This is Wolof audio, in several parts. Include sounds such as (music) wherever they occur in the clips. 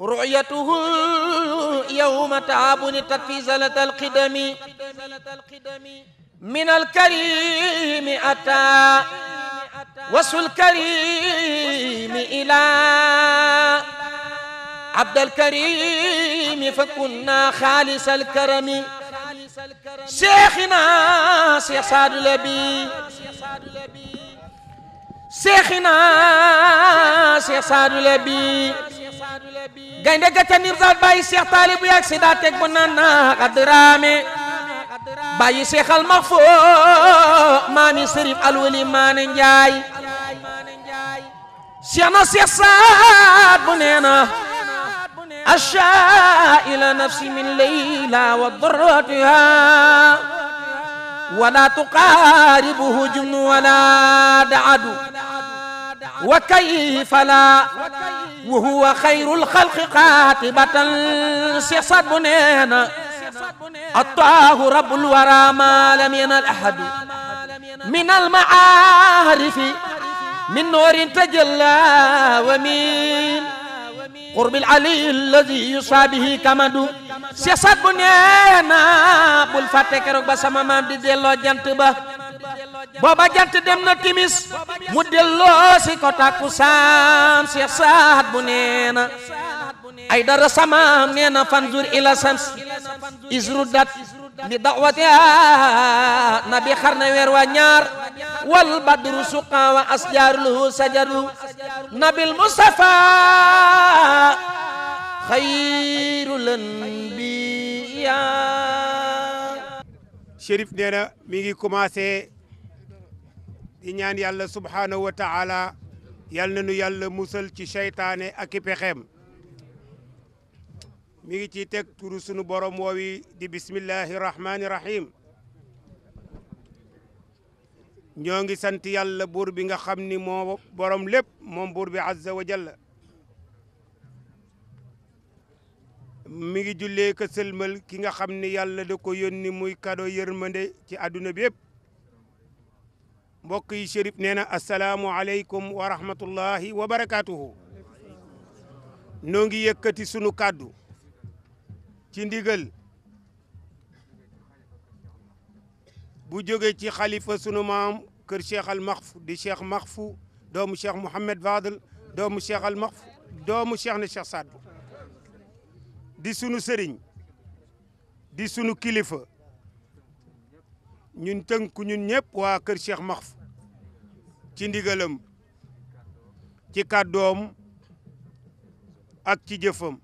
رؤيته يوم تعابني تكفي زلة القدم من الكريم أتى وصل الكريم إلى عبد الكريم فكنا خالص الكرم شيخنا شيخ سعد لبي شيخنا شيخ سعد لبي gaynde ga ca nirsaat bàyyi Cheikh Taalib yaag si daa teg bu naan naa xadraame bàyyi Cheikh al Maxfo maami Serif alwali maane Njaay Cheikh na Cheikh Saad bu neena ashaa ila nafsi min leyla wa darratiha wala tuqaaribuhu jumnu wala daadu وكيف لا وهو خير الخلق قاتبة سيصد بنينا الطاه رب الورى ما لم ينال أحد من المعارف من نور تجلى ومن قرب العلي الذي يصابه كمد سيصد بنينا بل فاتك ركبة سمامام دي الله جنتبه booba jant dem na timis mu delo si kota kusam Seex sahat bu nee ay dara sama nee fanzur ila sams isrudat ni dawati ya. nabi kharna wer weer wal badru suqa wa asjaaruluhu sajaru nabil mustafa khairul anbiya sherif nee na mi ngi di ñaan yàlla subhaanahu wa taala yal na nu yàlla musal ci seytaane ak i mi ngi ciy teg turu sunu borom woowi di bismillahi rahmaani rahim ñoo ngi sant yàlla buur bi nga xam ni borom lépp moom buur bi azza wa jalla mi ngi jullee ka sëlmal ki nga xam yàlla da ko yónni muy kado yërmande ci àdduna bi yëpp mbokk yi Chérif nee na asalaamualeykum wa rahmatullahi wa barakaatuhu noo ngi yëkkati sunu kàddu ci ndigal bu jóge ci xalifa sunu maam kër Cheikh al Maxfu di Cheikh Maxfu doomu Cheikh Mouhamed Fadel doomu Cheikh al Maxfu doomu Cheikh na Cheikh Saad di sunu sëriñ di sunu kilifa ñun tënku ñun ñëpp waa kër Cheikh Maxfu ci ndigalam ci kaddoom ak ci jëfam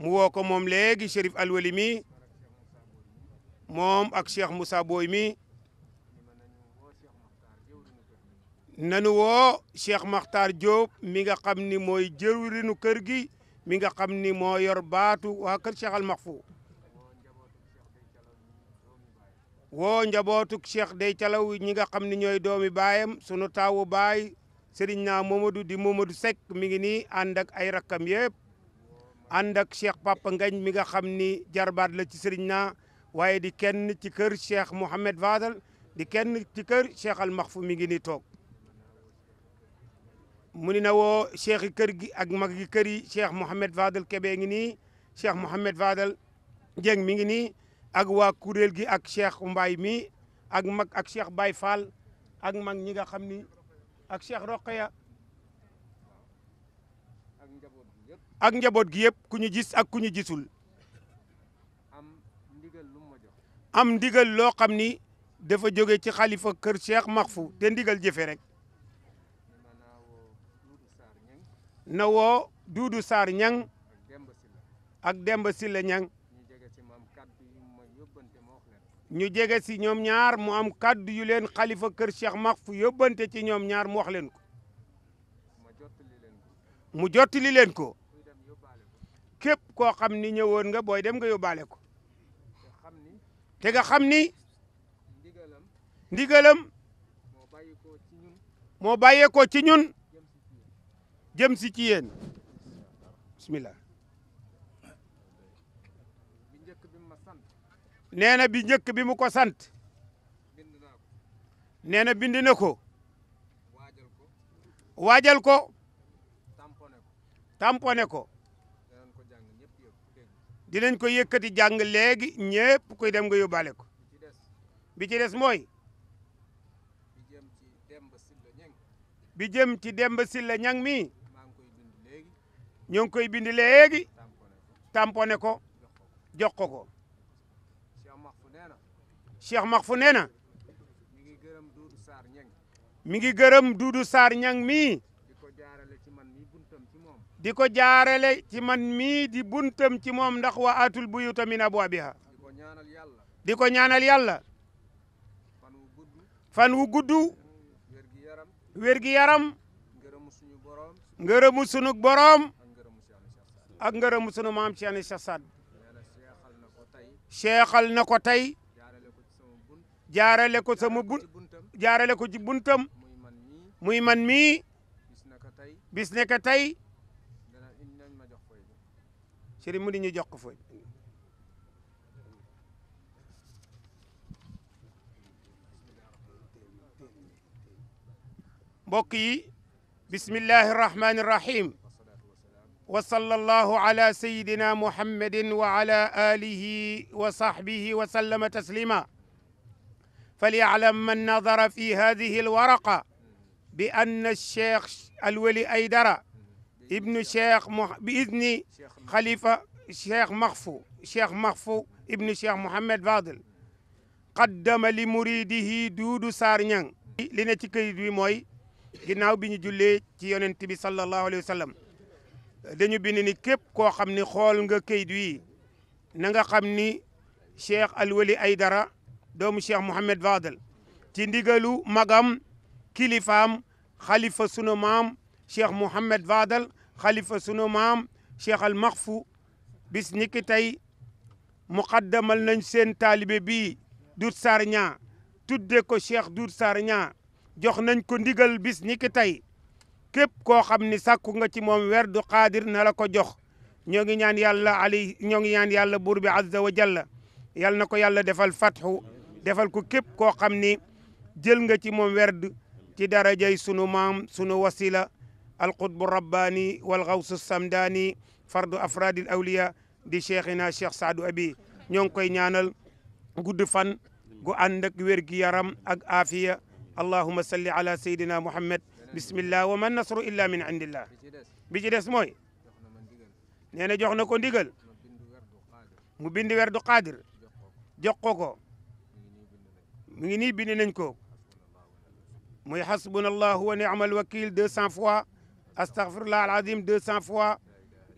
mu woo ko moom léegi Chérif Alwely mi moom ak Cheikh Moussa Boy mi nanu woo Cheikh Makhtar Diop mi nga xam ni mooy jëwrinu kër gi mi nga xam ni moo yor baatu waa kër Cheikh Al Mahfou woo njabootuk cheikh dey calaw ñi nga xam ne ñooy doomi baayam sunu taawu baay sëriñ naa Momadou di Momadou sek, mi ngi nii ànd ak ay rakkam yëpp ànd ak cheikh Papa Ngañ mi nga xam ni la ci sëriñ naa waaye di kenn ci kër cheikh mohammed vadal di kenn ci kër cheikh al Makhfu mi ngi nii toog mu ni na woo cheikh kër gi ak mag gi kër yi cheikh Mouhamed ngi cheikh mi ngi ak wa kurel gi ak Cheikh mbay mi ak mag ak Cheikh bay Fall ak mag ñi nga xamni ak Cheikh Roqeya ak njabot gi yeb ku gis ak ku gisul am ndigal ndigal lo xamni dafa joge ci khalifa keur Cheikh Maxfu te ndigal jëfe rek nawo dudu sar ñang ak Demba ñang ñu jege si ñoom ñaar mu am kàddu yu leen xalifa kër Cheikh Maxfu yóbbante ci ñoom ñaar mu wax leen ko mu jottali leen ko képp koo xam ni ñëwoon nga booy dem nga yóbbaale ko te nga xam ni ndigalam moo bàyyeekoo ci ñun jëm si ci yéen bismillah nee na bi njëkk bi mu ko sant nee na bind na ko waajal ko tamponé ko dinañ ko yëkkati jàng léegi ñépp koy dem nga yóbbaale ko bi ci des mooy bi jëm ci Demba Silla Ñang mi ñoo ngi koy bind léegi tamponé ko jox ko ko cheikh maxfu nee mi ngi gërëm dudu sar ñang mi. diko jaarale ci man mi di buntam ci mom ndax wa atul buyut min abwabiha diko ñaanal yalla fan wu gudd wér gi yaram ngërëmu suñu borom ak ngërëmu suñu maam Cheikh jaarale ko sama bu jaarale ko ci buntam muy man mii bis ne ka tey sëriñ mu di ñu jox ko fooy mbokk yi bismillahi irrahmani irrahim wa sallallahu ala sayidina muhammadin wa ala alihi wa sahbihi wa sallama taslima فليعلم من نظر في هذه الورقة بأن الشيخ الولي أيدرة ابن شيخ مح... بإذن خليفة الشيخ مخفو الشيخ مخفو ابن الشيخ محمد فاضل قدم لمريده دودو سارنيان لينا تي كيد وي موي غيناو بي ني جولي تي يونتبي صلى الله عليه وسلم دانيو بيني ني كيب كو خامني خول nga كيد نغا خامني شيخ الولي ايدرا doomu Cheikh Mouhamed Fadel ci ndigalu magam kilifaam xalifa sunu maam Cheikh Mouhamed Fadel xalifa sunu maam Cheikh al Maxfu bis ni ki tey muqaddamal nañ seen taalibe bii Doudou Saar Niang tudde ko Cheikh Doudou Saar Niang jox nañ ko ndigal bis ni ki tey képp koo xam ni sàkku nga ci moom werdu xaadir na la ko jox ñoo ngi ñaan yàlla ali ñoo ngi ñaan yàlla buur bi azza wa jalla yàlla na ko yàlla defal fatxu defal ko kep ko xamni ni jël nga ci mom werd ci darajay sunu mam sunu wasila alqutbu rabbani wal samdani fard fardu afradil awliya di cheikhina cheikh saadu abi ñong koy ñaanal gudd fan gu ànd ak wér gi yaram ak afiya اللهم صل على سيدنا muhammad bismillah الله man nasru الا من عند الله بيجي ديس موي نينا na كو na مو ndigal mu قادر werdu mu ngi nii bind nañ ko muy xasbunallahu wa ni'mal wakil deux cent fois astaghfirullah alazim deux cent fois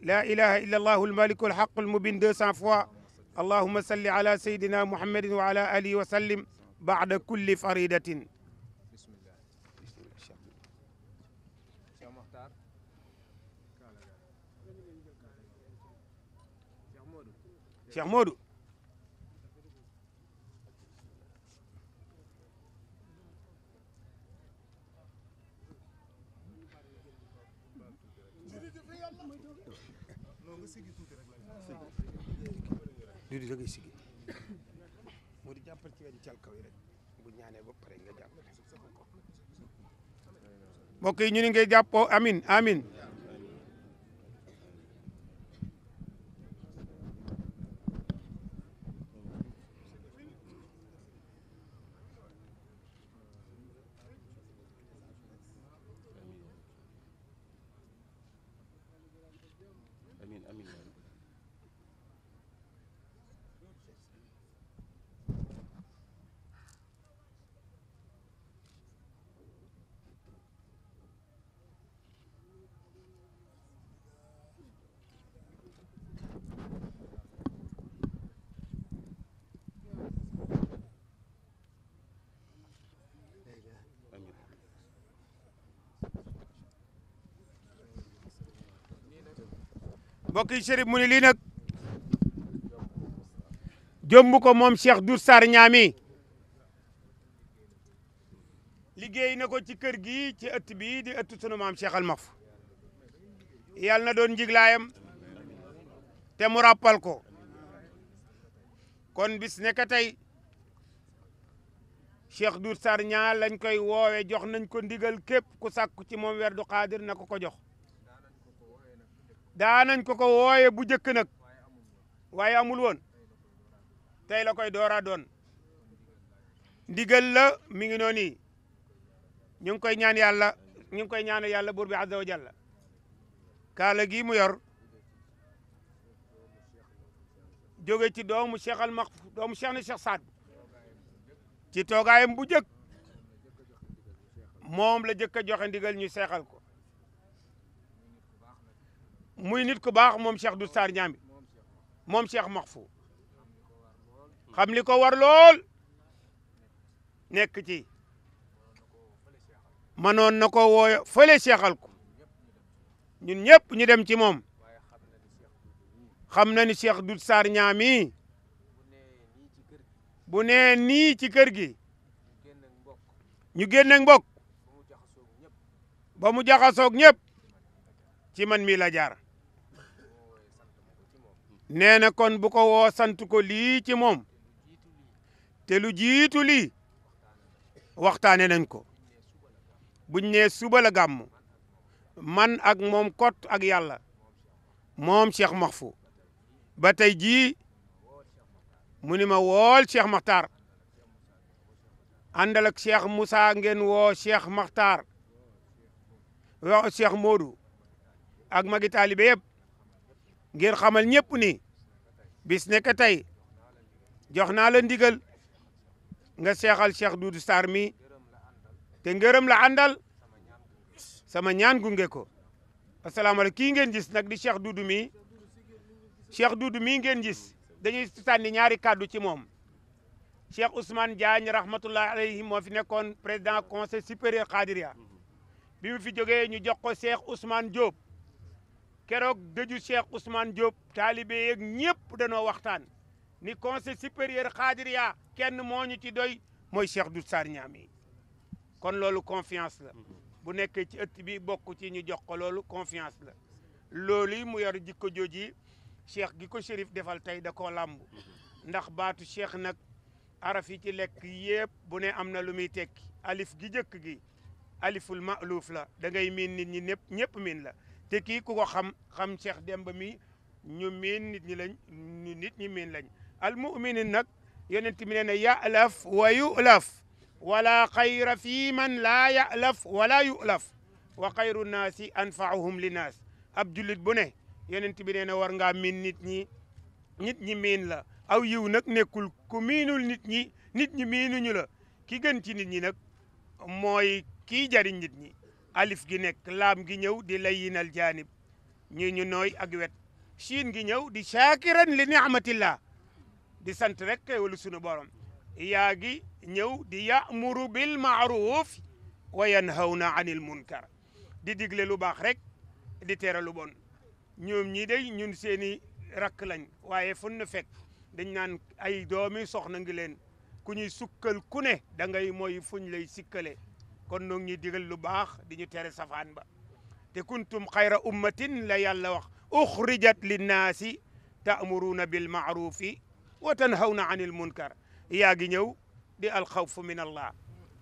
la ilaha illa allahu almaliku alhaqu almubin deux cent fois allahuma salli ala sayidina muhammadin wa ala alihi wa sallim baada kulli faridatin cheikh modou di di dangay siggi moo di jàppal ci wencal kaw yi rek bu ñaanee ba pare nga jàppale amin amin mbokk yi mu ni lii nag jomb ko moom Cheikh Dour Sarr ñaami liggéey na ko ci kër gi ci ëtt bi di ëtt sunu maam Cheikh Almaf yàlla na doon njiglaayam te mu ràppal ko kon bis ne ka tey Cheikh Dour ñaa lañ koy woowe jox nañ ko ndigal képp ku sàkku ci moom werdu xaadir na ko ko jox daanañ ko ko wooye bu jëkk nag waaye amul woon tey la koy doora doon ndigal la mi ngi noonu ñu ngi koy ñaan yàlla ñu ngi koy ñaanal yàlla buur bi azza wa jalla kaala gi mu yor jóge ci doomu Cheikh al doomu Cheikh na Cheikh ci toogaayam bu jëkk moom la jëkk a joxe ndigal ñu seexal ko muy nit ku baax moom Cheikh Doudou Sarr Ndiambi moom Cheikh Maxfu xam li ko war lool nekk ci mënoon na ko woo fële seexal ko ñun ñëpp ñu dem ci moom xam na ni Cheikh Doudou Sarr Ndiambi bu nee nii ci kër gi ñu génn ak ba mu jaxasoog ñëpp ci man mii la jaar nee na kon bu ko woo sant ko lii ci moom te lu jiitu lii waxtaane nañ ko buñ nee suba la gàmm man ak moom kott ak yàlla moom Cheikh Mahfou ba tey jii mu ni ma wool Cheikh Makhtar àndal ak Cheikh ngeen woo Cheikh Makhtar woo Cheikh Modou ak magi taalibe ngir xamal ñepp ni bis ne que tey jox la ndigal nga xeexal Cheikh Doudou star mi te ngeerum la andal sama ñaan gunge ko asalaamaaleykum ngeen gis nag di Cheikh Doudou mi Cheikh Doudou mi ngeen gis dañuy tutani ñaari kàddu ci mom Cheikh Ousmane Diagne rahmatullahi alayhi mo fi nekkon president conseil supérieur qadiria bi mu fi joge ñu jox ko Cheikh Ousmane Diop keroog dëju Cheikh Ousmane Diop taalibe yeeg ñëpp danoo waxtaan ni conseil supérieur xaadiriya kenn moo ñu ci doy mooy Cheikh du Sarr Ñaami kon loolu confiance la bu nekkee ci ëtt bi bokk ci ñu jox ko loolu confiance la loolu mu yor jikko jooji cheikh gi ko shérif defal tey da koo làmb ndax baatu cheikh nag araf yi ci lekk yëpp bu ne am na lu muy tekki alif gi jëkk gi aliful ma'luuf la da ngay miin nit ñi ñëpp ñëpp miin la te kii ku ko xam xam Cheikh Demba mi ñu miin nit ñi lañ nit ñi miin lañ al muminin nag yonent mi nee na ya'laf wa yu'laf wala xayra fi man laa ya'laf wala yu'laf wa xayru naasi anfaahum li naas ab jullit bu ne yonent bi nee na war ngaa miin nit ñi nit ñi miin la aw yiw nag nekkul ku miinul nit ñi nit ñi miinuñu la ki gën ci nit ñi nag mooy kii jariñ nit ñi alif gi nekk laam gi ñëw di layyinal jaanib ñi ñu nooy ak wet siin gi ñëw di shaakiran li ni'matillah di sant rek xéewalu sunu borom yaa gi ñëw di ya'muru bil ma'ruf wa yanhawna anil munkar di digle lu baax rek di tere lu bon ñoom ñi day ñun seeni rakk lañ waaye fun na fekk dañ naan ay doomi soxna ngi ku ñuy sukkal ku ne da ngay fuñ lay sikkale kon nok ñi ñuy digal lu bax di ñu tere safan ba te kuntum khayra ummatin la yàlla wax uxrijat linnaasi ta'muruna bil ma'ruf wa tanhawna anil munkar yaa ngi ñëw di al khawf min allah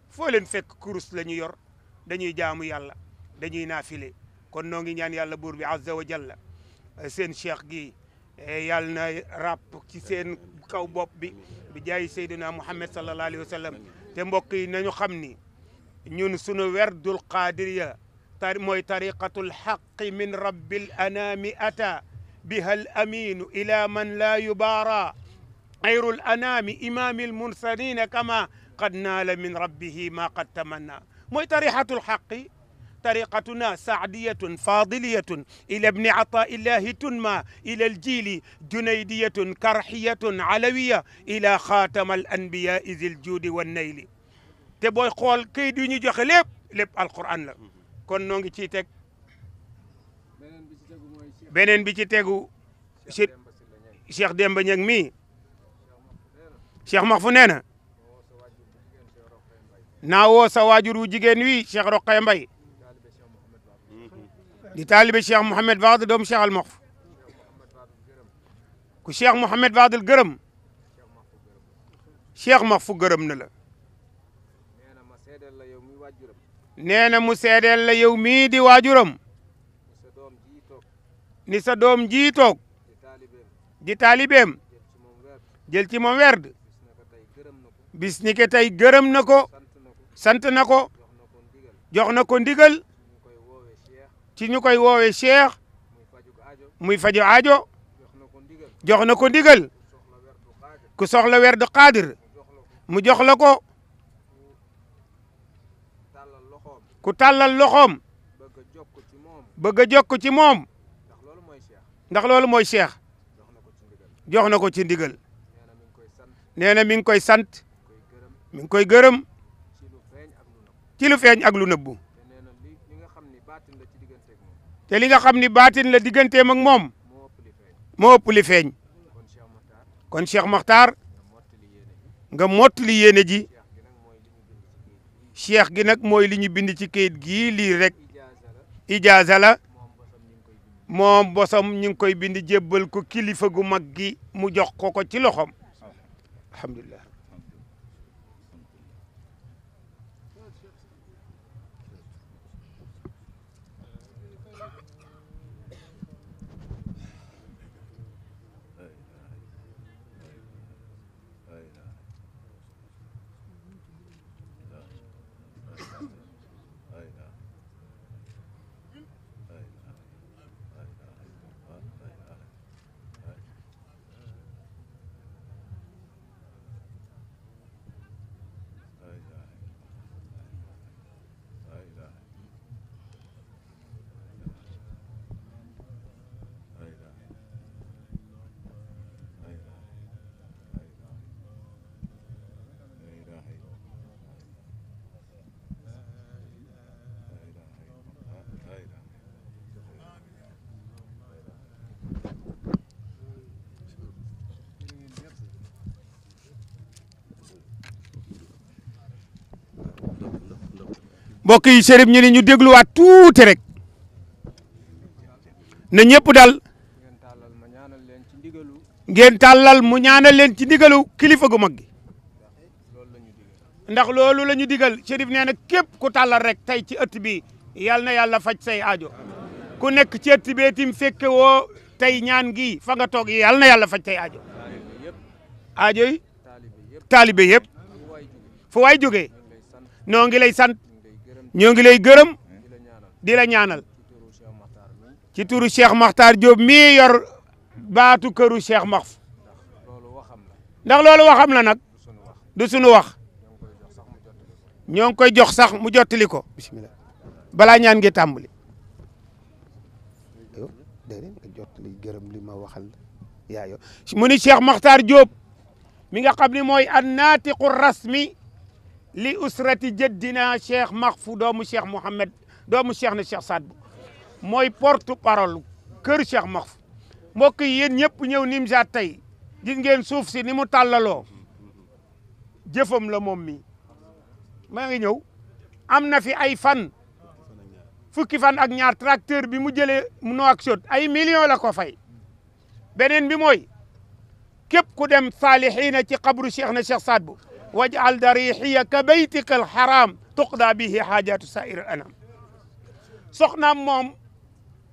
fo leen fek kurus lañu yor dañuy jaamu yàlla dañuy nafilé kon nok ñi ñaan yàlla bur bi azza wa jalla seen cheikh gi yàlla na ràpp ci seen kaw bop bi bi jaay sayyidina muhammad sallallahu alaihi wasallam te mbokk yi nañu xamni نون سنو ورد القادرية موي طريقة الحق من رب الأنام أتى بها الأمين إلى من لا يبارى غير الأنام إمام المرسلين كما قد نال من ربه ما قد تمنى موي طريقة الحق طريقتنا سعدية فاضلية إلى ابن عطاء الله تنمى إلى الجيل جنيدية كرحية علوية إلى خاتم الأنبياء ذي الجود والنيل te boy xol kayit yu ñu joxe lépp lépp alquran la kon no ngi ci ték benen bi ci téggu Cheikh Demba Niang mi Cheikh Mahfou nee na naa sa wajuru jigen wi Cheikh Roqay Mbay di taalibe Cheikh mohammed wad doomu Cheikh Al Mahfou ku Cheikh mohammed Baadul geureum Cheikh Mahfou geureum na la nee na mu seedeel la yow mii di waajuram ni sa doom jii toog di taalibeem jël ci moom werd bis ni ke tey gërëm na ko sant na ko jox na ko ndigal ci ñu koy woowee cheikh muy fajo aajo jox na ko ndigal ku soxla werdu xaadir mu jox la ko ku tàllal loxoom bëgg a jokk ci moom ndax loolu mooy cheikh jox na ko ci ndigal nee na mi ngi koy sant mi ngi koy gërëm ci lu feeñ ak lu nëbbu te li nga xam ni baatin la digganteem ak moom moo ëpp li feeñ kon cheikh Makhtar nga mottali yéene ji cheikh gi nag mooy li ñu bind ci kayit gi lii rek ijaaza la moom bosom ñu ngi koy bind jébbal ko kilifa gu mag gi mu jox ko ko ci loxoom alhamdulilah Boki yi sëriñ ñu ne ñu terek tuuti rek gentalal ñëpp dal ngeen tàllal mu ñaanal leen ci ndigalu kilifa gu mag ndax loolu la digal Chérif nee na képp ku tàllal rek tey ci ëtt bi yal na yàlla faj say aajo ku nekk ci ëtt bi itam fekke ñaan gi fa nga aajo aajo yi taalibe yep fu waay jógee noo ngi lay ñoo ngi lay gërëm di la ñaanal ci turu Cheikh Makhtar Diop mii yor baatu këru Cheikh Makhf ndax loolu waxam la nag du sunu wax ñoo ngi koy jox sax mu jottali ko bismillah balaa ñaan ngi tàmbali jottali gërëm li ma waxal yaayo mu ni Cheikh Makhtar mi nga xam ni mooy an naatiqu rasmi li usrati jëddina cheikh Mahfou doomu cheikh Mouhamed doomu cheikh na cheikh Saad Bou mooy porte parole kër cheikh Mahfou mbokk yi yéen ñëpp ñëw Nimzaat tey gis ngeen suuf si ni mu tàllaloo jëfam la moom mi maa ngi ñëw am na fi ay fan fukki fan ak ñaar tracteur bi mu jëlee Nouakchott ay millions la ko fay beneen bi mooy képp ku dem saalihiina ci xabru cheikh na cheikh Saad Bou waj'al darihiya ka baytikal haram tuqda bihi hajatu sa'ir anam soxnam mom,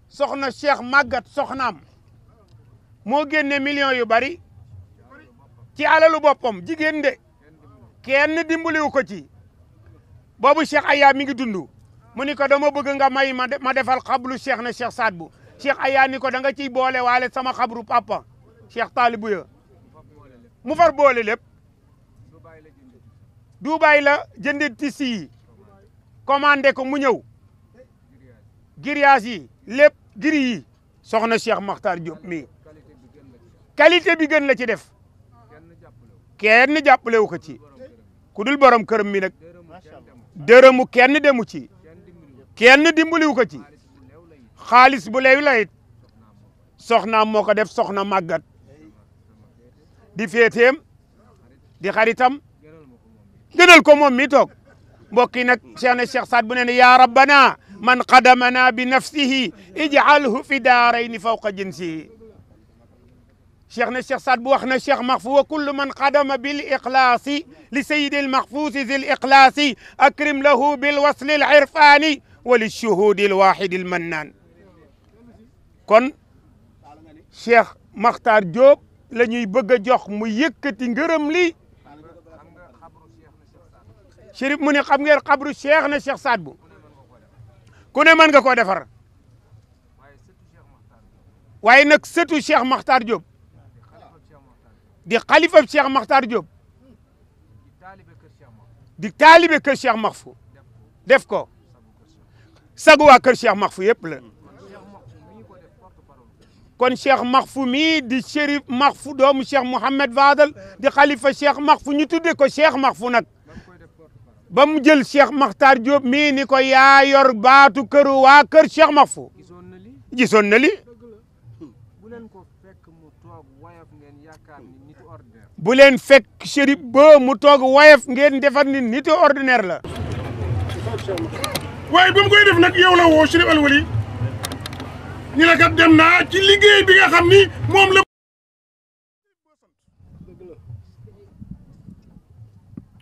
soxna Cheikh magat soxnam mo genné million yu bari ci alalu boppam jigen de kenn dimbaliwu ko ci bobu Cheikh Aya mi ngi dundu muniko dama bëgg nga may ma defal qablu Cheikh na Cheikh sadbu Cheikh Aya ni ko da nga ci bolé walé sama qabru papa Cheikh Talibou ya mu far bolé lepp Dubaay la jënde tissu yi commandé ko mu ñëw grillage yi lépp giri yi soxna Cheikh Makhtar Diop bi gën la ci def kenn jàppalewu ko ci ku borom këram mi nag dërëmu kenn demu ci kenn dimbaliwu ko ci xaalis bu leyu la it soxnaam moo ko def soxna màggat di féeteem di xaritam ديرل كو مومي توك مبوكي نك شيخنا الشيخ سعد بن يا ربنا من قدمنا بنفسه اجعله في دارين فوق جنسه شيخنا الشيخ سعد بوخنا الشيخ مخفو وكل من قدم بالاخلاص لسيد المخفوس ذي الاخلاص اكرم له بالوصل العرفاني وللشهود الواحد المنان كون شيخ مختار جوب لا نيي بغا جوخ مو يكتي لي شريف مني خم غير قبر الشيخ نشيخ شيخ سعد بو كوني مان غاكو ديفار واي نك سيتو الشيخ مختار جوب دي خليفه شيخ مختار جوب دي تالي كير الشيخ مخفو ديف كو ساغوا كير شيخ مخفو ييب لا كون شيخ مخفو مي دي شريف مخفو دوم الشيخ محمد فاضل دي خليفه الشيخ مخفو ني تودي كو شيخ مخفو نك ba mu jël Cheikh Makhtar Diop mii ni ko yaa yor baatu këru waa kër Cheikh Mahfou gisoon na li bu leen fekk chérif ba mu toog woyof ngeen defar ni nitu ordinaire la waaye ba mu koy def nag yow la woo chérif alwali ñu ne kat dem naa ci liggéey bi nga xam ni moom la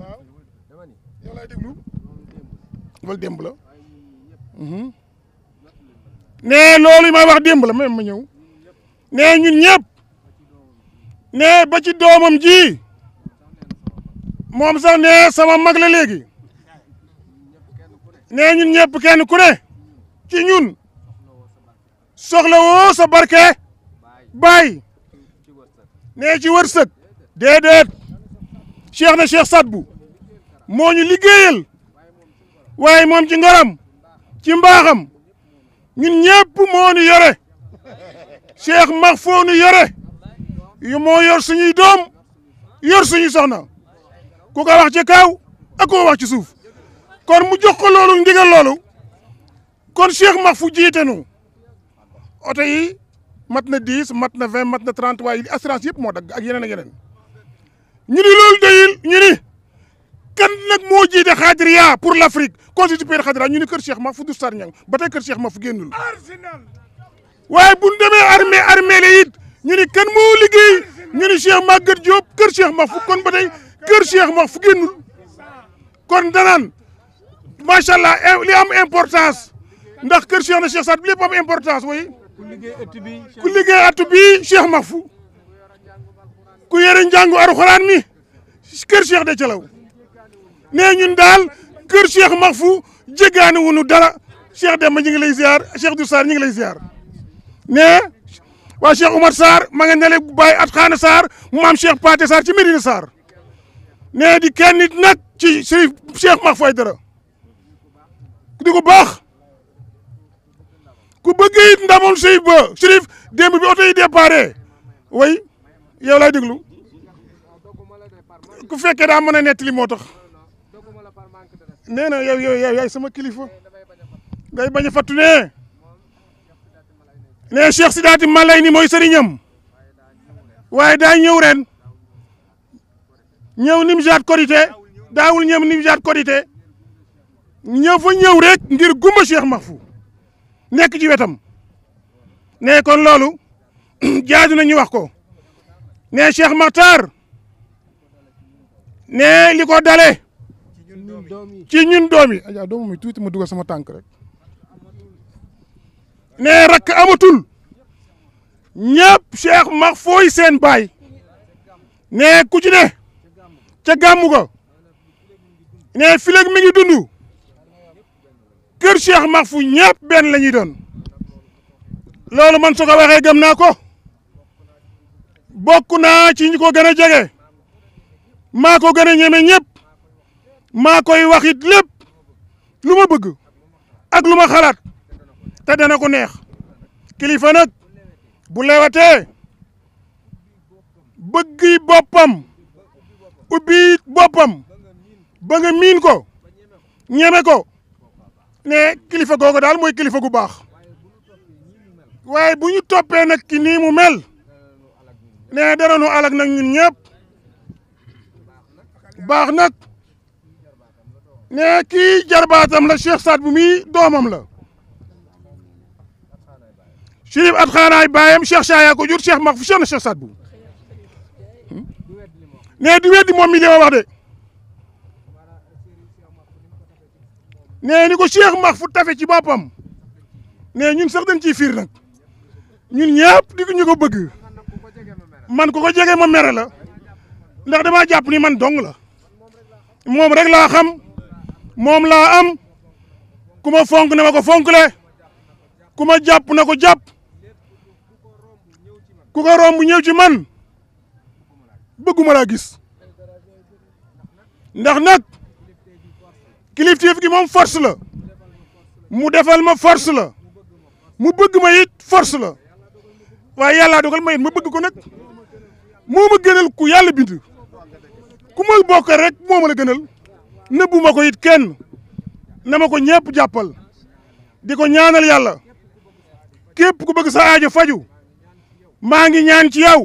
waaw yow laay déglu loolu mhm. nee loolu may wax démb la même ma ñëw nee ñun ñëpp nee ba doomam ji moom sax nee sama mag la léegi nee ñun ñëpp kenn ku ne ci ñun soxla woo sa barke baay nee ci wërsëg déedéet cheikh na cheikh Sadbu moo ñu liggéeyal waaye moom ci ngoram ci mbaaxam ñun ñëpp moo ñu yore cheikh max foo ñu yore yu moo yor suñuy doom yor suñuy soxna ku ko wax ci kaw ak koo wax ci suuf kon mu jox ko loolu ndigal loolu kon cheikh max fu jiite nu oto yi mat na 10 mat na 20 mat na 30 waaye assurance yëpp moo dagg ak yeneen ak yeneen ñu ni loolu dayil ñu ni kan nak mo jité xaadiriya pour l' Afrique constitué xaadira ñu ni kër Cheikh Mahfoudou Sarr Niang ba tey Cheikh Mahfou génnul waaye bu ñu demee armée armée la it ñu ni kan mo liggéey ñu ni Cheikh Maguette Diop keur Cheikh Mahfou kon batay keur kër Cheikh Mahfou gennul kon danaan macha allah eh, li am importance ndax keur Cheikh na Cheikh Saad lépp am importance waye ku liggéey at atubi Cheikh Mahfou ku yore njàngu alxuraan mi kër Cheikh de Thialaw nee ñun daal kër Cheikh Mahfou jéggaani wunu dara Cheikh Demba ñu ngi lay ziar Cheikh Diouf Sarr ñu ngi lay ziar nee waa Cheikh Oumar Sarr ma nele Baye at xaana Sarr maam Cheikh Paté Sarr ci Médina Sarr nee di kenn nit nag ci Sëriñ Cheikh Mahfou Aïdara di ko baax ku bëgg it ndamoon sëy ba Chérif démb bi oto yi déparé way yow lay déglu ku fekkee daa man a nettali moo tax nee na yow yow sama kilifa day bañ a fattu ne nee Cheikh Sidaati Malay ni mooy sëriñam waaye daa ñëw ren ñëw Nimzaat Korité daawul ñëw Nimzaat Korité ñëw fa ñëw rek ngir gumba Cheikh Mahfou nekk ci wetam ne kon loolu (clears throat) jaaju na ñu wax ko. ne Cheikh Makhtar ne liko dalé dale ci ñun doom aja doomu mi tuuti ma dugal sama tank, rek ne rak amatul ñepp Cheikh Max fooy seen baay ne ku ci ne ca gamu ko ne fileeg mi ngi dundu keur Cheikh Max fu ñëpp benn la doon man su ko waxee gëm ko bokk naa ci ñi ko gën a jege maa ko gën a ñeme ñëpp maa koy wax lépp lu ma bëgg ak lu ma xalaat te dana ko neex kilifa nag bu lewatee bëggi boppam ubbi boppam ba miin ko ñeme ko ne kilifa googu daal mooy kilifa gu baax waaye bu ñu toppee nag ki nii mu mel nee dana nu alak nag ñun ñëpp baax nag nee kii jarbaatam la Cheikh Saad bu mi doomam la Chérif at xaanaay baayam Cheikh Saaya ko jur Cheikh Mahfou Cheikh na Cheikh Saad bu nee di weddi moom mi li ma de nee ni ko Cheikh Mahfou tafe ci boppam nee ñun sax dañ ciy fiir nag ñun ñëpp di ñu ko bëgg man ku ko jege ma mere la ndax damaa jàpp ni man dong la moom rek laa xam moom laa am ku ma fonk na ma ko fonkle ku ma jàpp na ko jàpp ku ko romb ñëw ci man bëgguma laa gis ndax nag kilifteef gi moom force la mu defal ma force la mu bëgg ma it force la waaye yàlla dogal ma it ma bëgg ko nag moo ma gënal ku yàlla bind ku ma bokk rek moo la gënal nëbbu ma ko it kenn na ma ko ñëpp jàppal di ko ñaanal yàlla képp ku bëgg sa aajo faju maa ngi ñaan ci yaw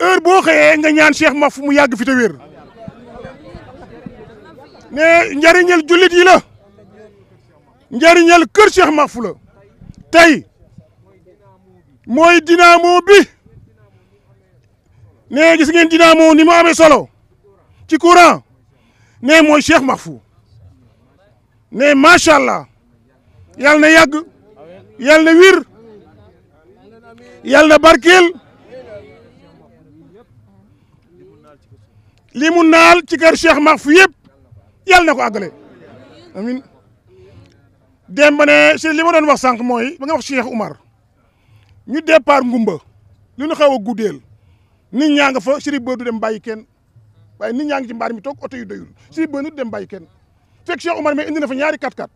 heure boo xëyee nga ñaan Cheikh Maf mu yàgg fi te wér njariñal jullit yi la njariñal kër Cheikh Maf la tey mooy dynamo bi ne gis ngeen Dinamo ni mu amee solo ci courant ne mooy Cheikh Mahfou ne macha allah yàlla na yàgg yàlla na wir yàlla na barkeel li mu naal ci kër Cheikh Mahfou yëpp yàlla na ko àggale amin dem ba ne si li ma doon wax sànq mooy ba nga wax Cheikh Oumar ñu départ Ngumba lu ñu xaw a guddeel ni ñaa nga fa Serigne Boye du dem bay kenn waaye ni ñaa ngi ci mbaar mi toog oto yu doyul Serigne Boye du dem bàyyi kenn fekk Cheikh Omar mais indi na fa ñaari 4x4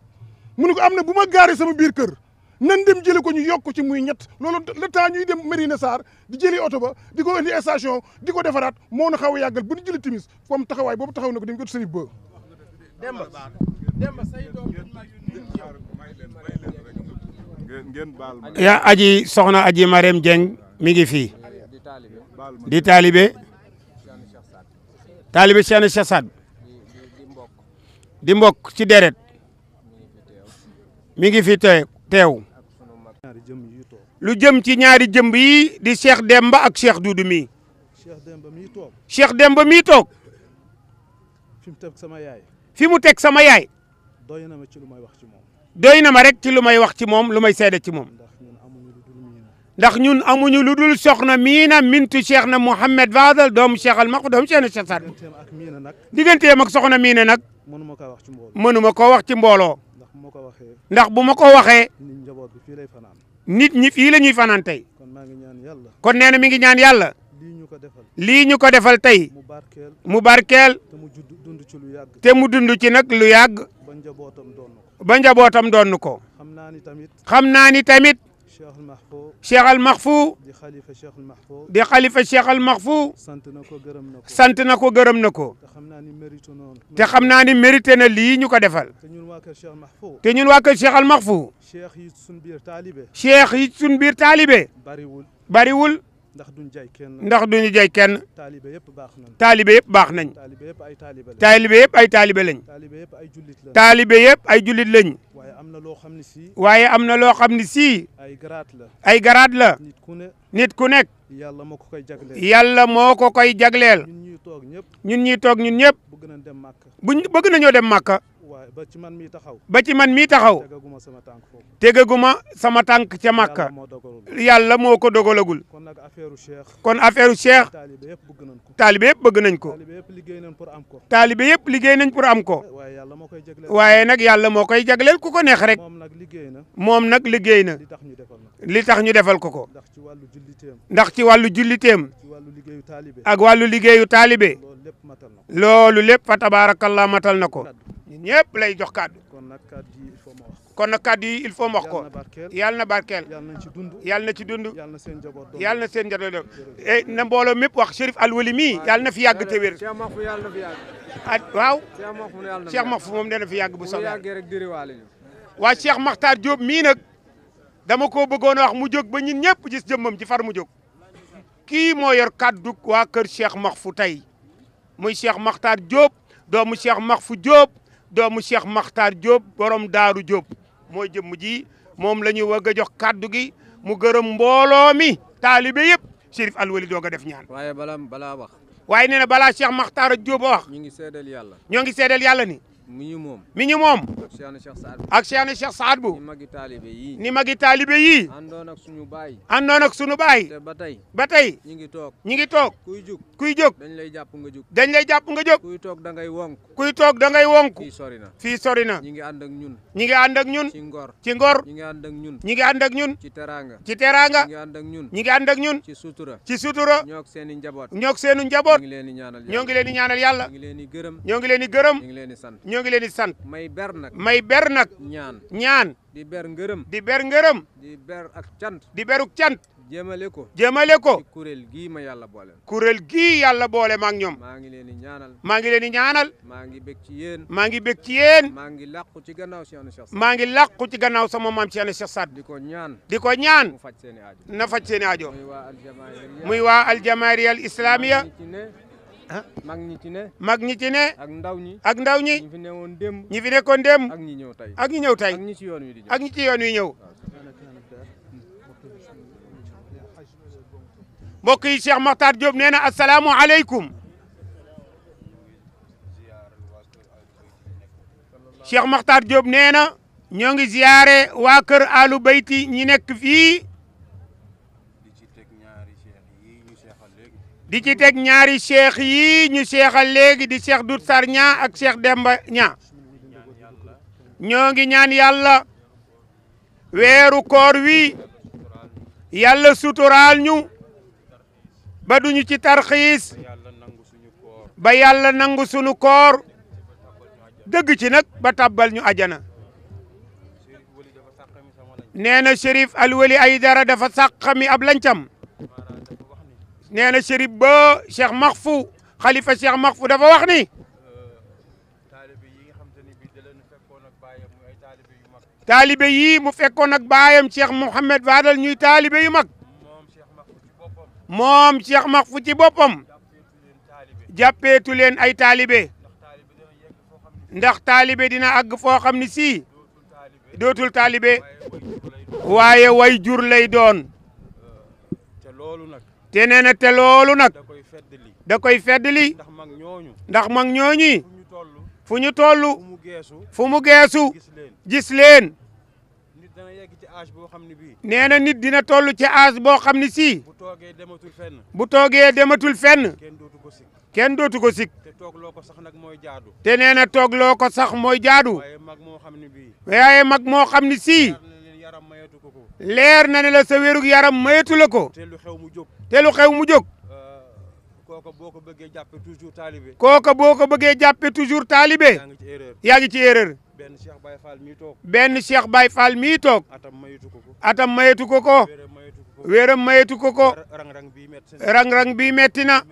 mu ko am na bu ma gaaree sama biir kër nan dem jëlee ko ñu yokk ci muy ñett loolu le temps ñuy dem Mérina Sarr di jëli oto ba di ko indi station di ko defaraat moo na xaw a yàggal bu ñu jëli timis comme taxawaay boobu taxaw na ko dañ ko Serigne Boye. Demba Demba say doom yaa aji soxna aji Marème Dieng mi ngi fii. di taalibe taalibe Cheikhna Cheikh Saad di mbokk ci deret mi ngi fi teew lu jëm ci ñaari jëmb yi di Cheikh Demba ak Cheikh Doudou mii Cheikh Demba mii toog fi mu teg sama yaay fi mu teg sama yaay doy na ma rek ci lu may wax ci moom lu may seede ci moom ndax ñun amuñu luddul soxna mina mintu cheikh na Mouhamed dom doomu cheikh al maqu cheikh na cheikh Sadbu digganteem ak soxna mina nak mënuma koo wax ci mbolo ndax bu ko waxé nit ñi fi lañuy fanan tay kon neena mi ngi ñaan yalla li ñu ko defal tay mu barkel te mu dund ci nak lu yag ba ko tamit naa tamit. شيخ المخفو دي خليفه شيخ المخفو دي خليفه شيخ المخفو سنت نكو غرم نكو سنت ميريتنا لي نيو كو ديفال تي نيون واكل شيخ المخفو شيخ يتسون بير طالبه شيخ يتسون بير طالبه باريول باريول ndax duñ jey kenn talibé yépp bax nañ talibé yépp bax nañ talibé yépp ay talibé lañ talibé yépp ay julit lañ talibé yépp ay julit lañ na loo xam ne si. waaye am na loo xam ne si. ay garaat la ay garaat la. nit ku ne nit ku nekk. yàlla moo ko koy jagleel. yàlla moo ko koy jagleel. ñun ñuy toog ñun ñëpp. ñun ñuy toog ñun ñëpp. bëgg nañ dem màkk. buñ bëgg nañoo dem màkk. ba ci man mi taxaw ba ci man mii taxaw tegaguma sama tànk foofu tegaguma sama tànk ca Makka yàlla moo ko dogalagul kon nag affaire cheikh kon affaire cheikh taalibe yëpp bëgg nañ ko taalibe yëpp bëgg nañ ko taalibe yëpp liggéey nañ pour am ko taalibe yëpp liggéey nañ pour am ko waaye yàlla moo koy jagleel waaye nag yàlla moo koy jagleel ku ko neex rek moom nag liggéey na moom nag liggéey na li tax ñu defal li tax ñu defal ko ko ndax ci wàllu julliteem ndax ci wàllu julliteem ak wàllu liggéeyu taalibe loolu lépp fa tabaarakallah matal na ko ñun ñëpp lay jox kàddu. kon nag kàddu yi il faut ma wax ko. kon nag kàddu yi il faut ma wax ko. yàlla na barkeel yàlla na ci dund. yàlla na ci dund yàlla na seen njaboot doon yàlla na seen njaboot doon eh na mbooloo mépp wax Chérif Alwely mii yàlla na fi yàgg te wér. ah waaw. Cheikh Mahfou moom dana fi yàgg bu soxla. waa Cheikh Makhtar Diop mii nag dama ko bëggoon a wax mu jóg ba ñun ñëpp gis jëmmam ci far mu jóg. kii moo yor kàddu waa kër Cheikh Mahfou tey muy Cheikh Makhtar Diop doomu Cheikh Mahfou Diop. doomu Cheikh Makhtar Job, borom Daru Job, mooy jëm ji mom lañu ñuy wëgg jox kaddu gi mu gëreum mbolo mi taalibe cheikh al walid do a def ñaan. waye balam bala wax. waye neena bala Cheikh Makhtar Diop wax. ñu ngi sédel yalla ngi sédel yalla ni. Minimum. ak Cheikhna Cheikh Saad bu ni magi talibe yi àndoon ak suñu bay batay ñi ngi tok kuy juk dañ lay japp nga juk kuy tok da ngay wonk fi sori na na ñi ngi and ak ñun ngi ci ngor ñi ngi and ak ñun ci teranga ñi ngi and ak ñun ci sutura ñok seenu njabot ñok seenu njabot ñi ngi leen ni ñaanal yalla ñi ngi leen ngi leen ñoo ngi leen di sant. may ber nag may ber nag. ñaan ñaan. di ber ngërëm. di ber ngërëm. di ber ak cant. di beruk cant. jëmale ko jëmale ko. kuréel gii ma yàlla boole. kuréel gii yàlla boole ma ñoom. maa ngi leen di ñaanal. maa ngi leen di ñaanal. maa ngi bég ci yéen. maa ngi bég ci yéen. maa ngi làqu ci gannaaw Cheikhna Cheikh maa ngi làqu ci gannaaw sama maam Cheikhna Cheikh Saad. di ko ñaan. di ko ñaan. na faj seen ajo muy waa aljamaariya. muy ah mag ñi ci ne. mag ñi ci ak ndaw ñi. ak ndaw ñi. ñi fi nekkoon démb. ñi fi nekkoon ak ñi ñëw tey. ak ñi ñëw tey. ci yoon wi di ñëw. ak ñi ci yoon ñëw. mbokk yi Cheikh Makhtar Diop nee na asalaamualeykum. Cheikh Makhtar Diop nee na ñoo ngi ziyaare waa kër Alu Bayti ñi nekk fii. di ci teg ñaari cheikh yii ñu seexal léegi di cheikh Dut Sar ñaa ak cheikh Demba ñaa ñoo ngi ñaan yàlla weeru koor wi yàlla suturaal ñu ba duñu ci tarxiis ba yàlla nangu sunu koor dëgg ci nag ba tabbal ñu ajana nee na Chérif Alwely Aïdara dafa sàq mi ab lancam نينا شريب با شيخ مخفو خليفه شيخ مخفو دا فا واخني طالبي يي مو فيكون اك بايام شيخ محمد فادل ني طالبي يي ماك موم شيخ مخفو تي بوبام جابيتو لين اي طالبي ndax talibé dina ag fo xamni si dotul talibé waye way jur lay don té lolou nak te nee na te loolu nag da koy fedd li ndax mag ñooñu ndax mag ñooñi fu ñu toll fu mu geesu gis leen nee na nit dina toll ci âge boo xam ne si bu toogee dematul fenn kenn dootu ko sikk te nee na toog loo ko sax mooy jaadu waaye mag moo xam ne sii leer na ne la sa wérug yaram mayatu la ko te lu xew mu jóg. Eh, kooka boo ko bëggee jàppee toujours taalibe. kooka boo ko bëggee jàppee toujours taalibe. yaa ngi ci erreur yaa ngi ci erreur. benn Cheikh Baye Fall mii toog. benn Cheikh Baye Fall mii toog. atam mayetu ko atam mayetu ko ko. mayetu ko rang-rang bii metti rang-rang bii metti na.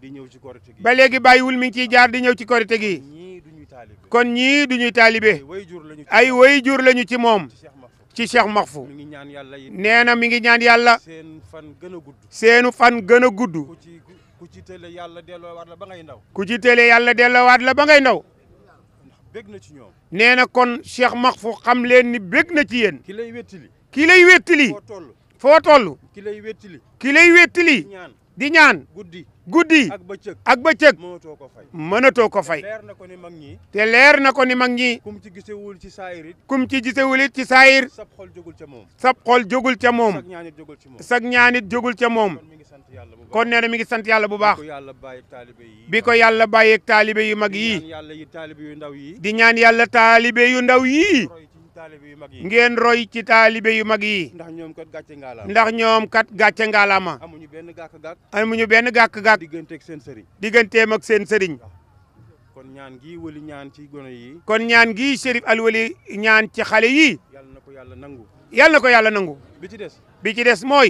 di ñëw ci korite gi. ba léegi bàyyiwul mi ngi ciy jaar di ñëw ci korite gi. kon ñii du ñuy ay way jur lañu ci moom. ci Cheikh Mahfou nee na mi ngi ñaan yàlla seen fan gën a gudd seenu fan gën a gudd ku ci télé yàlla delloowaat la ba ngay ndaw ku ci télé yàlla delloowaat la ba ngay ndaw bég na ci ñoom nee na kon Cheikh Mahfou xam leen ni bég na ci yéen ki lay wettili ki lay wettili foo toll foo toll ki lay wettili ki lay wettili di ñaan guddi guddi ak bëccëg ak bëccëg mënatoo ko fay mënatoo ko fay leer na ko ni mag ñi te leer na ko ni mag ñi kum ci gisewul ci saayir it kum ci gisewul it ci saayir sab xol jógul ca moom sab xol jógul ca moom sag ñaanit jógul ca moom sag ñaanit jógul ca moom kon nee na mi ngi sant yàlla bu baax bi ko yàlla bàyyeeg taalibe yu mag yi di ñaan yàlla taalibe yu ndaw yi ngeen roy ci taalibe yu mag ndax kat gàcce ngaalaama. ndax ñoom kat gàcce ngaalaama. amuñu benn gak gak, amuñu benn gak gak, digganteeg ak seen sëriñ. kon ñaan gii wali ñaan ci gone yi. kon ñaan gii Chérif Al Waly ñaan ci xale yi. yàlla na ko nangu. yàlla na ko nangu. bi ci bi ci bu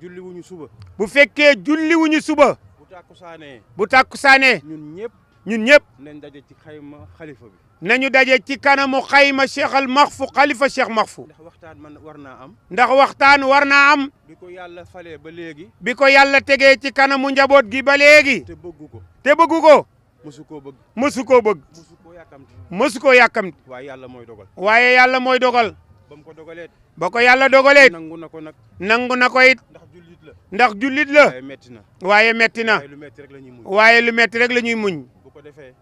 julli wuñu suba. bu fekkee julli wuñu suba. bu tàkkusaanee. bu tàkkusaanee. ñun ñëpp. ñun ñëpp. nañ daje ci xayma bi. nañu daje ci kanamu xayma Cheikh al Maxfu xalifa Cheikh Maxfu. ndax waxtaan man war naa am. ndax waxtaan war naa am. bi yàlla falee ba léegi. bi ko yàlla tegee ci kanamu njaboot gi ba léegi. te bëggu ko. te bëggu ko. mësu koo bëgg. mësu koo bëgg. mësu koo yàkkamti. mësu koo yàkkamti. waaye yàlla mooy dogal. waaye yàlla mooy dogal. ba ko dogalee. ba ko yàlla dogalee. nangu na ko nag. nangu na ko it. ndax jullit la. ndax jullit la. waaye metti na. waaye metti na. lu metti rek la ñuy muñ. waaye lu metti rek la ñuy muñ.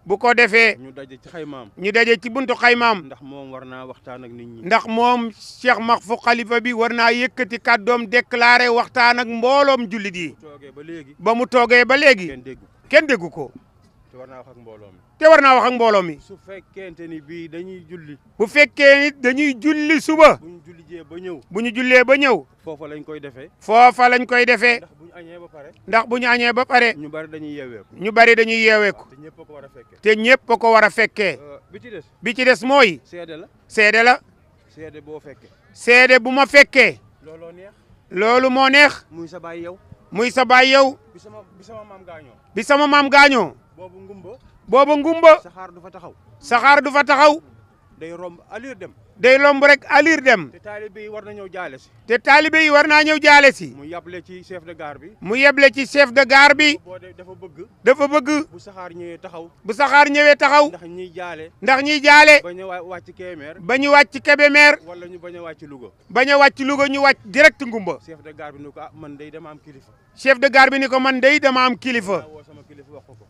bu ko defee ñu daje ci xaymaam ñu daje ci buntu xaymaam ndax moom war naa waxtaan ak nit ndax moom Cheikh Mahfou xalifa bi war naa yëkkati kàddoom déclaré waxtaan ak mbooloom jullit yi ba mu toogee ba léegi kenn déggu ko te war naa wax mbooloo mi. te war naa wax ak mbooloo mi. su fekkente ni bii dañuy julli. bu fekkee ni dañuy julli suba. bu ñu jullijee ba ñëw. bu ñu jullee ba ñëw. foofa lañu koy defee. foofa lañu koy defee. ndax bu ñu añee ba pare. ndax bu ñu ba pare. ñu bari dañuy yeeweeku. ñu bari dañuy yeeweeku. te ñëpp a ko war a ñëpp a ko war a fekkee. Euh, bi ci des. bi ci des mooy. seede la. seede la. seede boo fekkee. seede bu ma fekkee. looloo neex. loolu moo neex. muy sa baay yow. muy sa baay yow. sama bi sama maam gaañoo. bi sama maam gaañoo. boobu ngumba. boobu ngumba. saxaar du fa taxaw. saxaar du fa taxaw. day romb alir dem. day romb rek alir dem. te taalibe yi war na ñëw jaale si. te taalibe yi war naa ñëw jaale si. mu yable ci chef de gare bi. mu yeble ci chef de gare bi. dafa bëgg. dafa bëgg. bu saxaar ñëwee taxaw. bu saxaar ñëwee taxaw. ndax ñiy jaale. ndax ñiy jaale. ba ñu wàcc Kébémer. ba ñu wàcc Kébémer. wala ñu bañ a wàcc Louga. bañ a wàcc Louga ñu wàcc direct Ngumba. chef de gare bi ni ko ah, man day dama am kilifa. chef de gare bi ni ko man day dama am kilifa.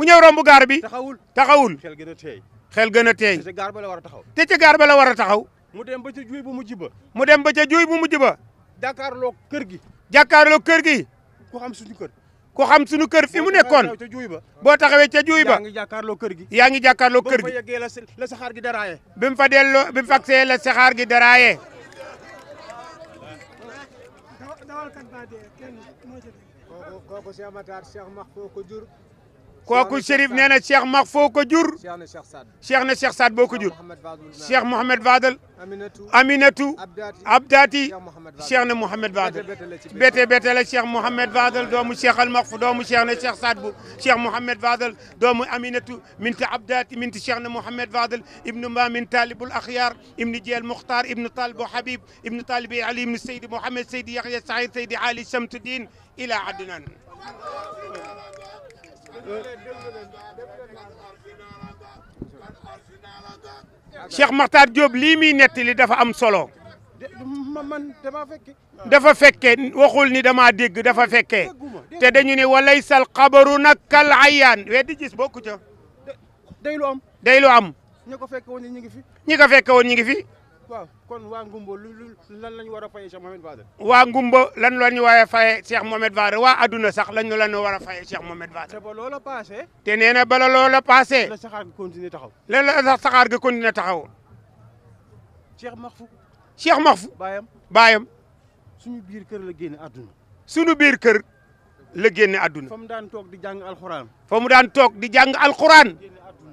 mu ñëw romb gaar bi taxawul taxawul xel gën a teey xel gën a te ca ba la war a taxaw te ca gaar ba la war a taxaw mu dem ba ca juuy bu mujj ba mu dem ba ca juuy bu mujj ba jàkkaarloo kër gi jàkkaarloo kër gi ku xam suñu kër ku xam sunu kër fi mu nekkoon boo taxawee ca juuy ba yaa ngi jàkkaarloo kër gi yaa ngi jàkkaarloo kër gi la saxaar gi daraaye bi mu fa delloo bi la saxaar gi daraaye kooku Cheikh Matar ko كوكو شريف نانا شيخ مخفو كجور شيخ نا شيخ سعد بوكو جور شيخ محمد فادل امينتو ابداتي شيخ نا محمد فادل بيتي بيتي شيخ محمد فادل دوم شيخ المخفو دوم شيخ نا شيخ سعد شيخ محمد فادل دوم امينتو منت عبداتي منت شيخ نا محمد فادل ابن ما من طالب الاخيار ابن جي المختار ابن طالب حبيب ابن طالب علي ابن السيد محمد سيدي يحيى سعيد سيدي علي شمت الدين الى عدنان Cheikh Makhtar Diop lii muy nettali dafa am solo. dafa fekke waxul ni dama dégg dafa fekke te dañu ne walay sal xabaru nag kal ayaan weddi gis bokku ca day lu am day lu am ñi ko fekke woon ñi ngi fi ñi ko fekke woon ñi ngi fi waaw kon waa Ngumba lu lan la ñu war a fayee Cheikh Mohamed Vade. waa Ngumba lan la ñu war a fayee Cheikh Mohamed Vade waa adduna sax lañu lan la war a fayee Cheikh Mohamed Vade. te ba loola paase. te nee na bala loola paase. la saxaar ga continuer taxaw. lan la sax saxaar ga continuer taxaw. Cheikh Mahfou. Cheikh Mahfou. baayam baayam. suñu biir kër la génne adduna. suñu biir kër la génne adduna. fa mu daan toog di jàng alxuraan. fa mu daan toog di jàng alxuraan.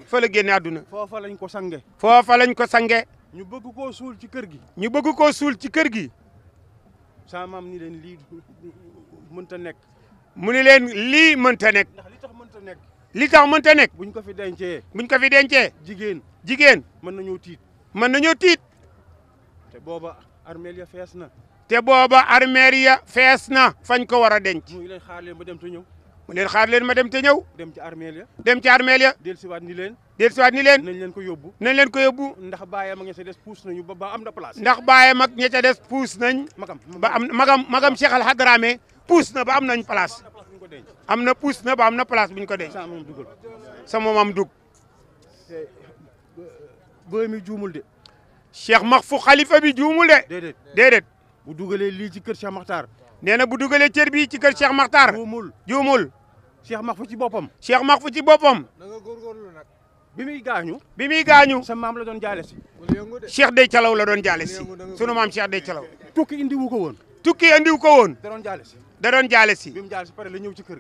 fa la génne adduna. foofa lañ ko sange. foofa lañ ko sange. ñu bëgg koo suul ci kër gi. ñu bëgg koo suul ci kër gi. sama maam ni leen lii mënta nekk. mu ni leen lii mënta nekk. ndax li tax mënta nekk. li tax mënta nekk. buñ ko fi dencee. buñ ko fi dencee. jigéen jigéen. mën nañoo tiit. mën nañoo tiit. te booba armeel ya fees na. te booba armeel ya fees na. fañ ko war a denc. mu leen xaar leen ma dem te ñëw. mu leen xaar leen ma dem te ñëw. dem ci armeel ya. dem ci armeel dellusiwaat ni leen. déet si ni leen nañ leen ko yóbbu nañ leen ko yóbbu ndax baayam ak ña ca des puus nañu ba am na place ndax baayam ak ña ca des puus nañ ba am magam magam Cheikh Al Hadraame puus na ba am nañ place am na puus na ba am na place buñ ko denc sama maam dug booy mi jumul de Cheikh Mahfou xalifa bi juumul de déedéet bu dugalee lii ci kër Cheikh Makhtar nee na bu dugalee cër bi ci kër Cheikh Makhtar juumul juumul Cheikh Mahfou ci boppam Cheikh Mahfou ci boppam na nga bi muy gaañu bi muy gaañu sa maam la doon jaale si Cheikh Dey Calaw la doon jaale si sunu maam Cheikh Dey Calaw tukki indiwu ko woon tukki indiwu ko woon da doon jaale si si bi mu jaale si pare la ñëw ci kër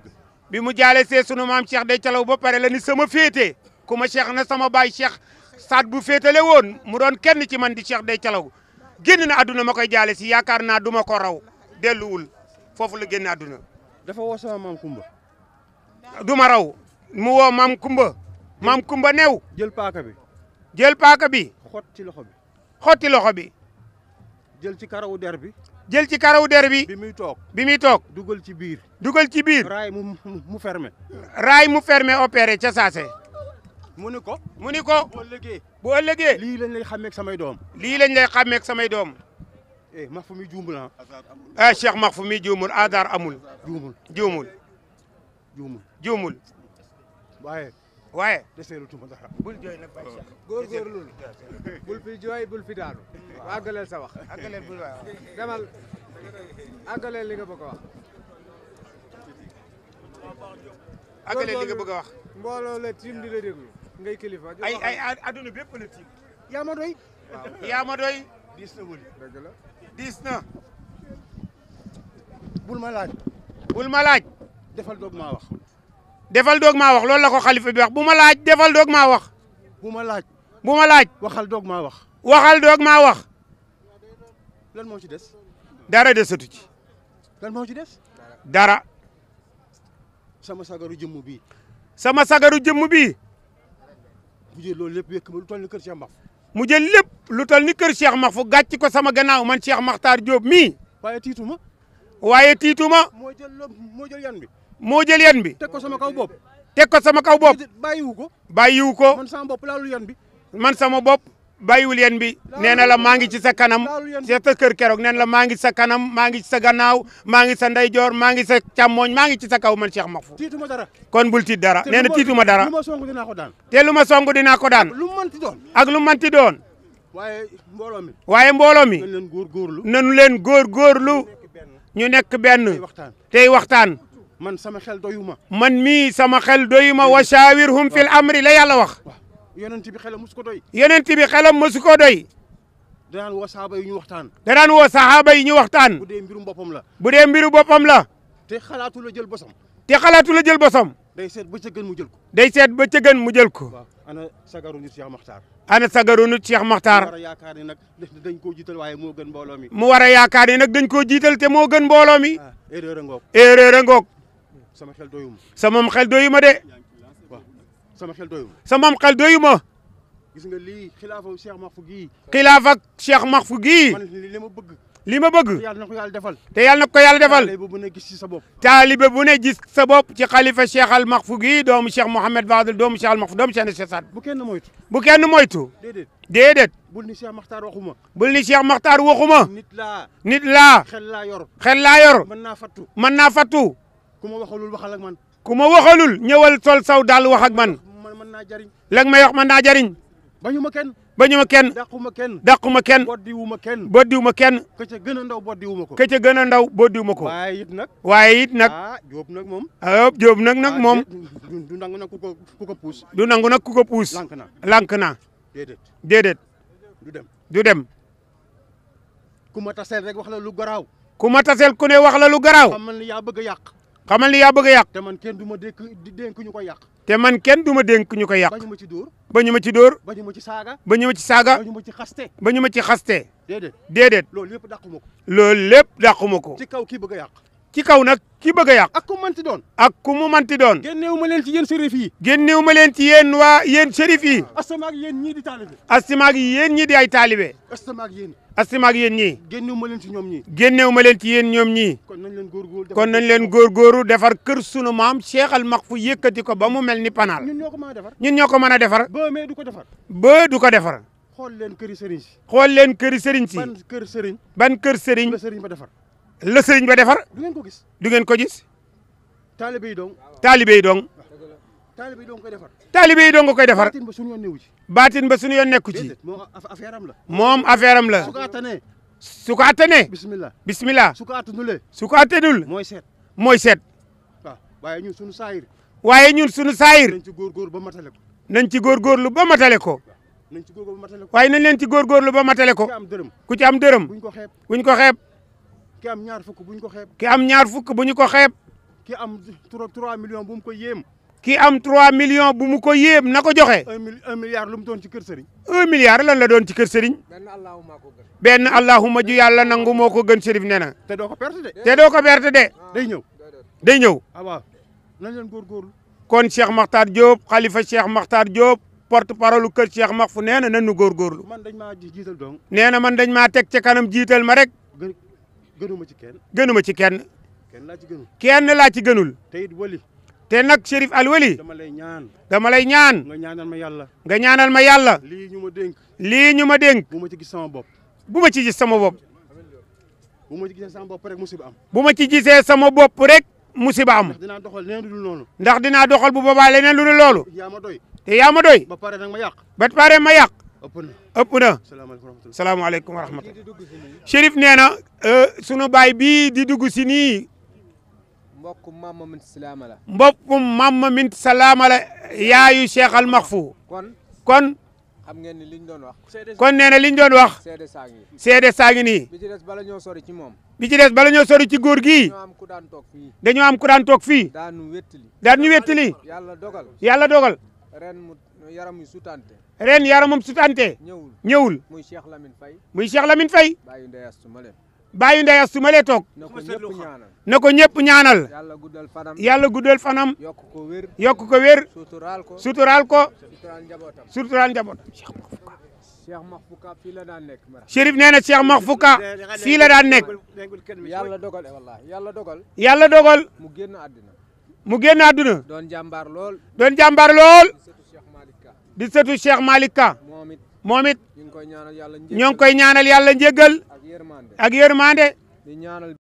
mu jaale see sunu maam Cheikh Dey Calaw ba pare la ni sama féetee ku ma na sama baay Cheikh saat bu féetale woon mu doon kenn ci man di Cheikh Dey Calaw génn na àdduna ma koy jaale si yaakaar naa duma ma ko raw delluwul foofu la génn àdduna dafa woo sama maam Kumba du ma raw mu woo maam Kumba maam Kumba new jël paaka bi. jël paaka bi. xot ci loxo bi. xotti loxo bi. jël ci karawu der bi. jël ci karawu der bi. bi muy toog bi muy toog. dugal ci biir. dugal ci biir. raay mu mu fermé. raay mu fermé opéré ca saase. mu ni ko. mu ni ko bu ëllëgee. bu ëllëgee. lii lañ lay xàmmeeg samay doom. lii lañ lay xàmmeeg samay doom. eh max fu muy juumul ah. ah Cheikh max fu muy juumul aadaar amul. juumul juumul. juumul juumul. waaye. waaye deseelu tuma dara bul jooy nag bàyyi Cheikh góorgóorlu bul fi jooy bul fi daanu àggaleel sa wax àggaleel bul wax demal àggaleel li nga bëgg a wax àggaleel li nga bëgg a wax mbooloo la tiim di la déglu ngay kilifa ay ay adduna bépp la tiim yaa ma doy yaa ma doy diis na wëli dëgg la diis na bul ma laaj bul ma laaj defal doog maa wax defal doog maa wax loolu la ko xalifa bi wax bu ma laaj defal doog maa wax. bu ma laaj. bu ma laaj. waxal doog maa wax. waxal doog maa wax. lan moo ci des. dara desatu ci. lan moo ci des. dara. sama sagaru jëmm bi sama sagaru jëmm bi mu jël loolu lépp wékk ma lu toll ni kër Cheikh Mahfou. mu jël lépp lu toll ni kër Cheikh Mahfou gàcc ko sama gannaaw man Cheikh Makhtar Diop mii. waaye tiitu ma. waaye tiitu ma. moo jël yan bi. moo jël bi. teg ko sama kaw bopp. teg ko sama kaw bopp. bàyyiwu ko. man sama bopp laalul bi. man sama bopp bàyyiwul yan bi. nee na la maa ci sa kanam. ci sa kër keroog nee la maa ngi sa kanam maa ngi ci sa gannaaw maa ngi sa ndeyjoor maa ngi sa càmmooñ maa ci sa kaw man Cheikh Mahfouz. tiituma dara kon bul dara. dara lu ma ko daan. te lu ma song ko daan. lu doon ak lu doon. mi. mi. nanu nanu ñu tey waxtaan man sama xel doyuma. man mii sama xel doyuma wa shaawirhum fil amri la yàlla wax. yonent bi xelam mosu ko doy. yonent bi xelam mosu ko doy. danaan wa saxaaba yi ñu waxtaan. danaan woo saxaaba yi ñu waxtaan. bu dee mbiru boppam la. bu dee mbiru boppam la. te xalaatu jël bosom te xalaatu jël jël bosam. day seet ba ca gën mu jël ko. day seet ba ca gën mu jël ko. ana sagaru nit Cheikh Makhtar. ana sagaru nit Cheikh Makhtar. mu war a yaakaar ni nag dañ koo jiital waaye moo gën mbooloo mi. mu war a yaakaar nag dañ koo jiital te moo gën mbooloo mi. Ah, erreur a sama xel doyuma sama xel doyuma de sama xel doyuma sama xel doyuma gis nga lii xilaafa Cheikh Mahfou gii xilaafa Cheikh Mahfou gii li ma bëgg li ma bëgg yàlla na ko yàlla defal te yàlla na ko yàlla defal taalibe bu ne gis ci sa bopp taalibe bu ne gis sa bopp ci xalifa Cheikh al Mahfou gii doomu Cheikh Mouhamed Fadel doomu Cheikh al Mahfou doomu Cheikh Saad bu kenn moytu bu kenn moytu déedéet déedéet bul ni Cheikh Makhtar waxuma bul ni Cheikh Makhtar waxuma nit laa nit laa xel laa yor xel laa yor mën naa fattu mën naa fattu ku ma waxalul waxal ak man. ku ma waxalul ñëwal sol saw daal wax ak man. man mën naa jariñ. la nga may wax mën naa jariñ. bañu ma kenn. bañu ma kenn. dàqu ma kenn. dàqu ma kenn. boddiwu ma kenn. boddiwu ma kenn. gën a ndaw boddiwu ma ko. ka ca gën a ndaw boddiwu ma ko. waaye it nag. waaye it nag. ah Diop nag moom. ah nag nag ah, moom. du nangu nag ku ko ku ko puus. du nangu nag ku ko puus. lànk naa lànk naa. du dem du dem. ku ma taseel rek wax la lu garaaw. ku ma taseel ku ne wax la lu garaaw. xam nga ni yaa bëgg a yàq. xamal ni yaa bëgg a yàq. te man kenn duma ma dénk dénk ko koy yàq. te man kenn du ma dénk ñu ko yàq. bañu ma ci dóor. bañu ma ci dóor. bañu ma ci saaga. bañu ma ci saaga. bañu ma ci xaste. bañu ma ci xaste. déedéet déedéet. loolu lépp dàqu ma ko. loolu lépp dàqu ko. ci kaw kii bëgg yàq. ci kaw nag ki bëgg a yàq. ak ku mu manti doon. ak ku mu manti doon. génneewu ma leen ci yéen shérif yi. génneewu ma leen ci yéen waa yéen shérif yi. asamaak yéen ñii di taalibe. asamaak yéen ñii di ay taalibe. asamaak yéen. asamaak yéen ñii. génneewu ma leen ci ñoom ñii. génneewu ma leen ci yéen ñoom ñii. kon nañ leen góorgóorlu kon nañ leen góorgóorlu defar kër sunu maam Cheikh Al Makfou yëkkati ko ba mu mel ni panaal. ñun ñoo ko mën a defar. ñun ñoo ko mën a defar. ba mais du ko defar. ba du ko defar. xool leen këri sëriñ si. xool leen këri sëriñ si. ban kër sëriñ. ban kër sëriñ. ba sëriñ ba defar. la sëriñ ba defar. du ngeen ko gis du ngeen ko gis. taalibe yi dong. taalibe yi dong. taalibe yi dong koy defar. taalibe yi dong koy defar. ba suñu yoon nekku ci. baatin ba suñu yoon nekku ci. moom affaire am la. moom affaire am la. su ko attanee. su ko attanee. bismillah bismillah. su ko attanulee. su ko mooy seet. mooy seet. waaw ah, waaye ñun suñu saayir. waaye ñun suñu saayir. nañ ci góorgóorlu ba matale ko. nañ ci góorgóorlu ba lu ko. nañ ci góorgóorlu ba matale ko. waaye nañ leen ci góorgóorlu ba matale ko. ku am dërëm. ku ci am dërëm. buñ ko xeeb buñ ko xeeb. ki am ñaar fukk bu ñu ko xeeb. ki am ñaar fukk bu ñu ko xeeb. ki am bu mu ko yéem. ki am 3 millions bu mu ko yéem na ko joxe. 1 milliard lu mu doon ci kër sëriñ. 1 milliard lan la doon ci kër sëriñ. benn allahuma ko gën. benn allahuma ju yàlla nangu moo ko gën sëriñ nee na. te doo ko perte de. te doo ko perte de. Ah, day ñëw day ñëw. ah waaw nañ leen góorgóorlu. kon Cheikh Makhtar Diop xalifa Cheikh Makhtar Diop. porte parole kër Cheikh Mahfou nee na nan nu góorgóorlu. man dañ maa jiital dong. nee na man dañ maa teg ca kanam jiital ma rek. gënuma ci kenn gënuma ci kenn. kenn laa ci gënul kenn laa ci gënul. te it wali. te nag Chérif Al Waly. dama lay ñaan. dama lay ñaan. nga ñaanal ma yàlla. nga ñaanal ma yàlla. lii ñu ma dénk. lii ñu ma dénk. bu ma ci gis sama bopp. bu ma ci gis sama bopp. bu ma ci gisee sama bopp rek musiba am. bu ma ci gisee sama bopp rek musiba am. ndax dinaa doxal leneen lu ndax dinaa doxal bu boobaa leneen lu dul loolu. yaa ma doy. te yaa ma doy. ba pare nag ma yàq. ba ma yàq. ëpp na salaamaaleykum wa rahmatulah. Chérif nee na euh, sunu baay bii di dugg si nii. mbokkum mamma mint salaama la. mbokkum mamma mint salaama la yaayu Cheikh Al Makhfou. kon kon. xam ngeen ni liñ doon wax. kon nee na liñ doon wax. seede saa ngi saa ngi nii. ci des bala ñoo sori ci moom. bi ci des bala ñoo sori ci góor gii. dañoo ku daan toog dañoo am ku daan toog fii. daan ñu wétali. daan ñu wétali. yàlla dogal. yàlla dogal. yaram sutante ren yaramam sutante ñëwul ñëwul muy Cheikh Lamine fay muy Cheikh Lamine fay bàyyi ndeyas su ma leen bàyyi ndeyas su ma leen toog na ko ñëpp ñaanal yàlla guddal fanam yàlla guddal fanam yokk ko wér yokk ko wér suturaal ko suturaal ko suturaal njabootam suturaal njabootam Cheikh Mahfouka fii la daan nekk Chérif nee na Cheikh Mahfouka fii la daan nekk yàlla dogal wallahi yàlla dogal yàlla dogal mu génn àdduna mu génn lool di setu Cheikh malika Ka moom it ñoo ngi koy ñaanal yàlla njéggal ak yërmande